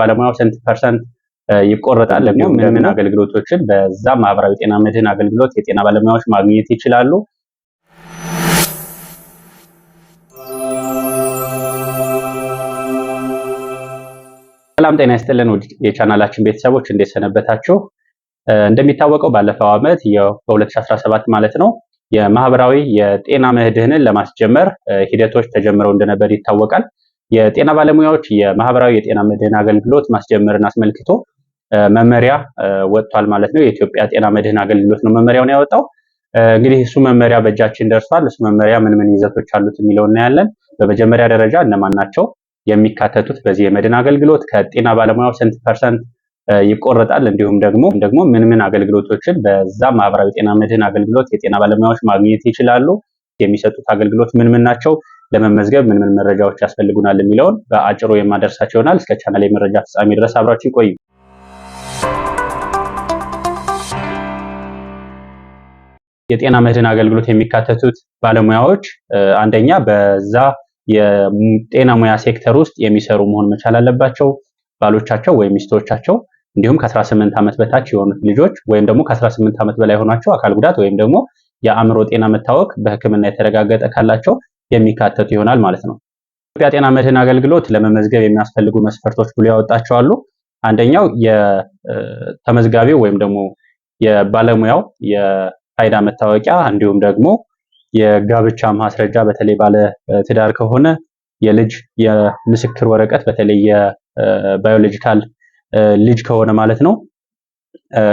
ባለሙያው ስንት ፐርሰንት ይቆረጣል እንዲሁም ምን ምን አገልግሎቶችን በዛ ማህበራዊ ጤና መድህን አገልግሎት የጤና ባለሙያዎች ማግኘት ይችላሉ። ሰላም ጤና ይስጥልን ውድ የቻናላችን ቤተሰቦች እንዴት ሰነበታችሁ? እንደሚታወቀው ባለፈው ዓመት በ2017 ማለት ነው የማህበራዊ የጤና መድህንን ለማስጀመር ሂደቶች ተጀምረው እንደነበር ይታወቃል። የጤና ባለሙያዎች የማህበራዊ የጤና መድህን አገልግሎት ማስጀመርን አስመልክቶ መመሪያ ወጥቷል ማለት ነው። የኢትዮጵያ ጤና መድህን አገልግሎት ነው መመሪያውን ያወጣው። እንግዲህ እሱ መመሪያ በእጃችን ደርሷል። እሱ መመሪያ ምን ምን ይዘቶች አሉት የሚለው እናያለን። በመጀመሪያ ደረጃ እነማን ናቸው የሚካተቱት በዚህ የመድህን አገልግሎት? ከጤና ባለሙያው ስንት ፐርሰንት ይቆረጣል? እንዲሁም ደግሞ ደግሞ ምን ምን አገልግሎቶችን በዛ ማህበራዊ ጤና መድህን አገልግሎት የጤና ባለሙያዎች ማግኘት ይችላሉ? የሚሰጡት አገልግሎት ምን ምን ናቸው? ለመመዝገብ ምን ምን መረጃዎች ያስፈልጉናል የሚለውን በአጭሩ የማደርሳቸው ይሆናል። እስከ ቻናል የመረጃ ፍጻሜ ድረስ አብራችን ቆዩ። የጤና መድህን አገልግሎት የሚካተቱት ባለሙያዎች አንደኛ በዛ የጤና ሙያ ሴክተር ውስጥ የሚሰሩ መሆን መቻል አለባቸው። ባሎቻቸው ወይም ሚስቶቻቸው እንዲሁም ከ18 ዓመት በታች የሆኑት ልጆች ወይም ደግሞ ከ18 ዓመት በላይ የሆኗቸው አካል ጉዳት ወይም ደግሞ የአእምሮ ጤና መታወክ በሕክምና የተረጋገጠ ካላቸው የሚካተቱ ይሆናል ማለት ነው። ኢትዮጵያ ጤና መድህን አገልግሎት ለመመዝገብ የሚያስፈልጉ መስፈርቶች ብሎ ያወጣቸው አሉ። አንደኛው የተመዝጋቢው ወይም ደግሞ የባለሙያው የፋይዳ መታወቂያ እንዲሁም ደግሞ የጋብቻ ማስረጃ በተለይ ባለ ትዳር ከሆነ የልጅ የምስክር ወረቀት በተለይ የባዮሎጂካል ልጅ ከሆነ ማለት ነው።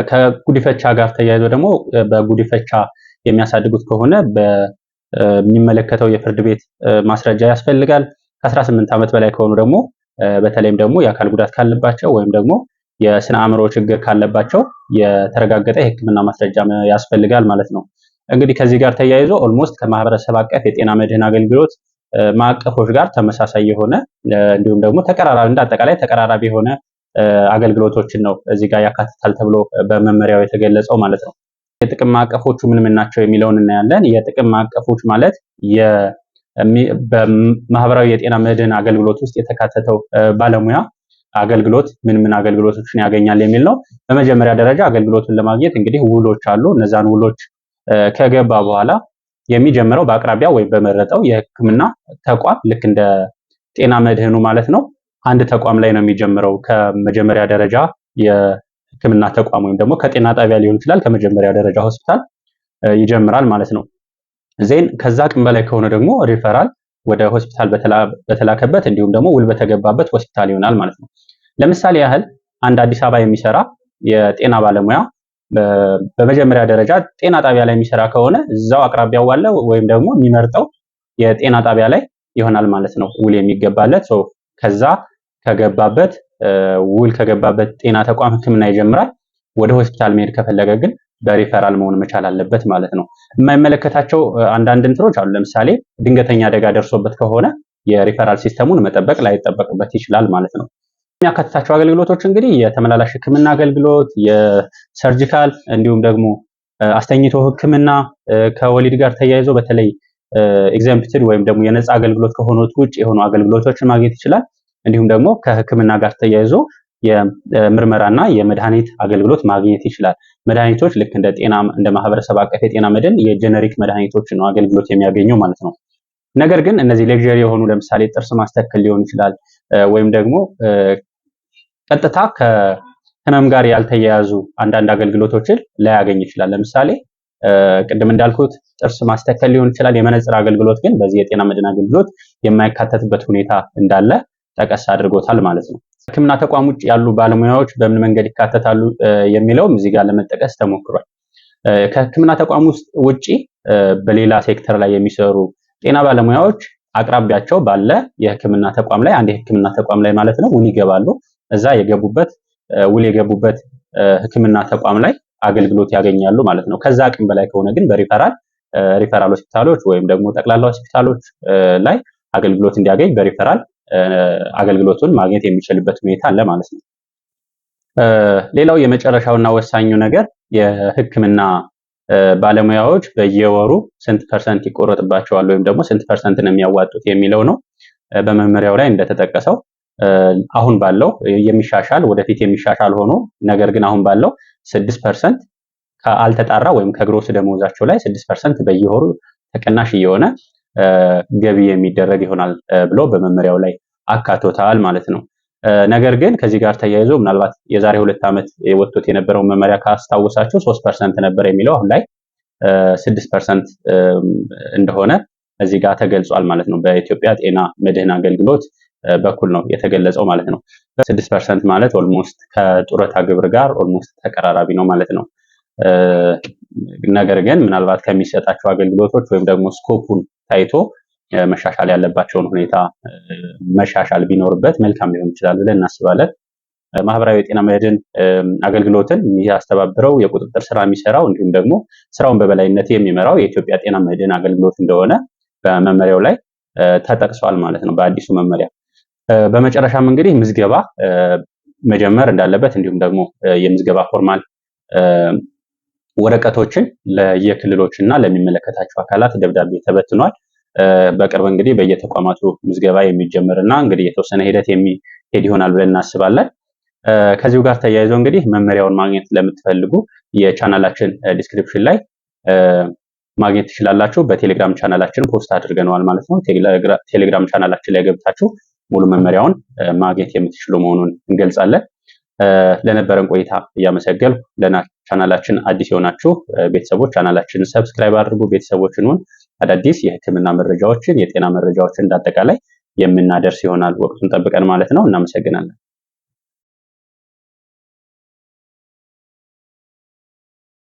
ከጉዲፈቻ ጋር ተያይዞ ደግሞ በጉዲፈቻ የሚያሳድጉት ከሆነ የሚመለከተው የፍርድ ቤት ማስረጃ ያስፈልጋል። ከ18 ዓመት በላይ ከሆኑ ደግሞ በተለይም ደግሞ የአካል ጉዳት ካለባቸው ወይም ደግሞ የስነ አእምሮ ችግር ካለባቸው የተረጋገጠ የሕክምና ማስረጃ ያስፈልጋል ማለት ነው። እንግዲህ ከዚህ ጋር ተያይዞ ኦልሞስት ከማህበረሰብ አቀፍ የጤና መድህን አገልግሎት ማዕቀፎች ጋር ተመሳሳይ የሆነ እንዲሁም ደግሞ ተቀራራቢ እንደ አጠቃላይ ተቀራራቢ የሆነ አገልግሎቶችን ነው እዚህ ጋር ያካትታል ተብሎ በመመሪያው የተገለጸው ማለት ነው። የጥቅም ማዕቀፎቹ ምን ምን ናቸው የሚለውን እናያለን። የጥቅም ማዕቀፎች ማለት በማህበራዊ የጤና መድህን አገልግሎት ውስጥ የተካተተው ባለሙያ አገልግሎት ምን ምን አገልግሎቶችን ያገኛል የሚል ነው። በመጀመሪያ ደረጃ አገልግሎቱን ለማግኘት እንግዲህ ውሎች አሉ። እነዛን ውሎች ከገባ በኋላ የሚጀምረው በአቅራቢያ ወይም በመረጠው የሕክምና ተቋም ልክ እንደ ጤና መድህኑ ማለት ነው። አንድ ተቋም ላይ ነው የሚጀምረው ከመጀመሪያ ደረጃ ህክምና ተቋም ወይም ደግሞ ከጤና ጣቢያ ሊሆን ይችላል ከመጀመሪያ ደረጃ ሆስፒታል ይጀምራል ማለት ነው። ዜን ከዛ አቅም በላይ ከሆነ ደግሞ ሪፈራል ወደ ሆስፒታል በተላከበት እንዲሁም ደግሞ ውል በተገባበት ሆስፒታል ይሆናል ማለት ነው። ለምሳሌ ያህል አንድ አዲስ አበባ የሚሰራ የጤና ባለሙያ በመጀመሪያ ደረጃ ጤና ጣቢያ ላይ የሚሰራ ከሆነ እዛው አቅራቢያው አለ ወይም ደግሞ የሚመርጠው የጤና ጣቢያ ላይ ይሆናል ማለት ነው ውል የሚገባለት ከዛ ከገባበት ውል ከገባበት ጤና ተቋም ህክምና ይጀምራል። ወደ ሆስፒታል መሄድ ከፈለገ ግን በሪፈራል መሆን መቻል አለበት ማለት ነው። የማይመለከታቸው አንዳንድ እንትኖች አሉ። ለምሳሌ ድንገተኛ አደጋ ደርሶበት ከሆነ የሪፈራል ሲስተሙን መጠበቅ ላይጠበቅበት ይችላል ማለት ነው። የሚያካትታቸው አገልግሎቶች እንግዲህ የተመላላሽ ህክምና አገልግሎት፣ የሰርጂካል እንዲሁም ደግሞ አስተኝቶ ህክምና ከወሊድ ጋር ተያይዞ በተለይ ኤግዘምፕትድ ወይም ደግሞ የነፃ አገልግሎት ከሆኑት ውጭ የሆኑ አገልግሎቶችን ማግኘት ይችላል። እንዲሁም ደግሞ ከህክምና ጋር ተያይዞ የምርመራና የመድኃኒት አገልግሎት ማግኘት ይችላል። መድኃኒቶች ልክ እንደ ጤና እንደ ማህበረሰብ አቀፍ የጤና መድን የጀነሪክ መድኃኒቶች ነው አገልግሎት የሚያገኙ ማለት ነው። ነገር ግን እነዚህ ሌክዠሪ የሆኑ ለምሳሌ ጥርስ ማስተከል ሊሆን ይችላል ወይም ደግሞ ቀጥታ ከህመም ጋር ያልተያያዙ አንዳንድ አገልግሎቶችን ላያገኝ ይችላል። ለምሳሌ ቅድም እንዳልኩት ጥርስ ማስተከል ሊሆን ይችላል። የመነጽር አገልግሎት ግን በዚህ የጤና መድን አገልግሎት የማይካተትበት ሁኔታ እንዳለ ጠቀስ አድርጎታል ማለት ነው። ሕክምና ተቋም ውጭ ያሉ ባለሙያዎች በምን መንገድ ይካተታሉ የሚለውም እዚህ ጋር ለመጠቀስ ተሞክሯል። ከሕክምና ተቋም ውስጥ ውጭ በሌላ ሴክተር ላይ የሚሰሩ ጤና ባለሙያዎች አቅራቢያቸው ባለ የሕክምና ተቋም ላይ አንድ የሕክምና ተቋም ላይ ማለት ነው ውል ይገባሉ። እዛ የገቡበት ውል የገቡበት ሕክምና ተቋም ላይ አገልግሎት ያገኛሉ ማለት ነው። ከዛ አቅም በላይ ከሆነ ግን በሪፈራል ሪፈራል ሆስፒታሎች ወይም ደግሞ ጠቅላላ ሆስፒታሎች ላይ አገልግሎት እንዲያገኝ በሪፈራል አገልግሎቱን ማግኘት የሚችልበት ሁኔታ አለ ማለት ነው። ሌላው የመጨረሻውና ወሳኙ ነገር የሕክምና ባለሙያዎች በየወሩ ስንት ፐርሰንት ይቆረጥባቸዋል ወይም ደግሞ ስንት ፐርሰንት ነው የሚያዋጡት የሚለው ነው። በመመሪያው ላይ እንደተጠቀሰው አሁን ባለው የሚሻሻል ወደፊት የሚሻሻል ሆኖ ነገር ግን አሁን ባለው ስድስት ፐርሰንት ከአልተጣራ ወይም ከግሮስ ደመወዛቸው ላይ ስድስት ፐርሰንት በየወሩ ተቀናሽ እየሆነ ገቢ የሚደረግ ይሆናል ብሎ በመመሪያው ላይ አካቶታል ማለት ነው። ነገር ግን ከዚህ ጋር ተያይዞ ምናልባት የዛሬ ሁለት ዓመት ወጥቶት የነበረውን መመሪያ ካስታወሳቸው ሶስት ፐርሰንት ነበር የሚለው አሁን ላይ ስድስት ፐርሰንት እንደሆነ እዚህ ጋር ተገልጿል ማለት ነው። በኢትዮጵያ ጤና መድህን አገልግሎት በኩል ነው የተገለጸው ማለት ነው። ስድስት ፐርሰንት ማለት ኦልሞስት ከጡረታ ግብር ጋር ኦልሞስት ተቀራራቢ ነው ማለት ነው። ነገር ግን ምናልባት ከሚሰጣቸው አገልግሎቶች ወይም ደግሞ ስኮፑን ታይቶ መሻሻል ያለባቸውን ሁኔታ መሻሻል ቢኖርበት መልካም ሊሆን ይችላል ብለን እናስባለን። ማህበራዊ የጤና መድን አገልግሎትን የሚያስተባብረው የቁጥጥር ስራ የሚሰራው እንዲሁም ደግሞ ስራውን በበላይነት የሚመራው የኢትዮጵያ ጤና መድን አገልግሎት እንደሆነ በመመሪያው ላይ ተጠቅሷል ማለት ነው፣ በአዲሱ መመሪያ። በመጨረሻም እንግዲህ ምዝገባ መጀመር እንዳለበት እንዲሁም ደግሞ የምዝገባ ፎርማል ወረቀቶችን ለየክልሎች እና ለሚመለከታቸው አካላት ደብዳቤ ተበትኗል። በቅርብ እንግዲህ በየተቋማቱ ምዝገባ የሚጀምር እና እንግዲህ የተወሰነ ሂደት የሚሄድ ይሆናል ብለን እናስባለን። ከዚሁ ጋር ተያይዞ እንግዲህ መመሪያውን ማግኘት ለምትፈልጉ የቻናላችን ዲስክሪፕሽን ላይ ማግኘት ትችላላችሁ። በቴሌግራም ቻናላችን ፖስት አድርገነዋል ማለት ነው። ቴሌግራም ቻናላችን ላይ ገብታችሁ ሙሉ መመሪያውን ማግኘት የምትችሉ መሆኑን እንገልጻለን። ለነበረን ቆይታ እያመሰገልኩ ቻናላችን አዲስ የሆናችሁ ቤተሰቦች ቻናላችን ሰብስክራይብ አድርጉ። ቤተሰቦችን ሁን አዳዲስ የሕክምና መረጃዎችን የጤና መረጃዎችን እንዳጠቃላይ የምናደርስ ይሆናል ወቅቱን ጠብቀን ማለት ነው። እናመሰግናለን።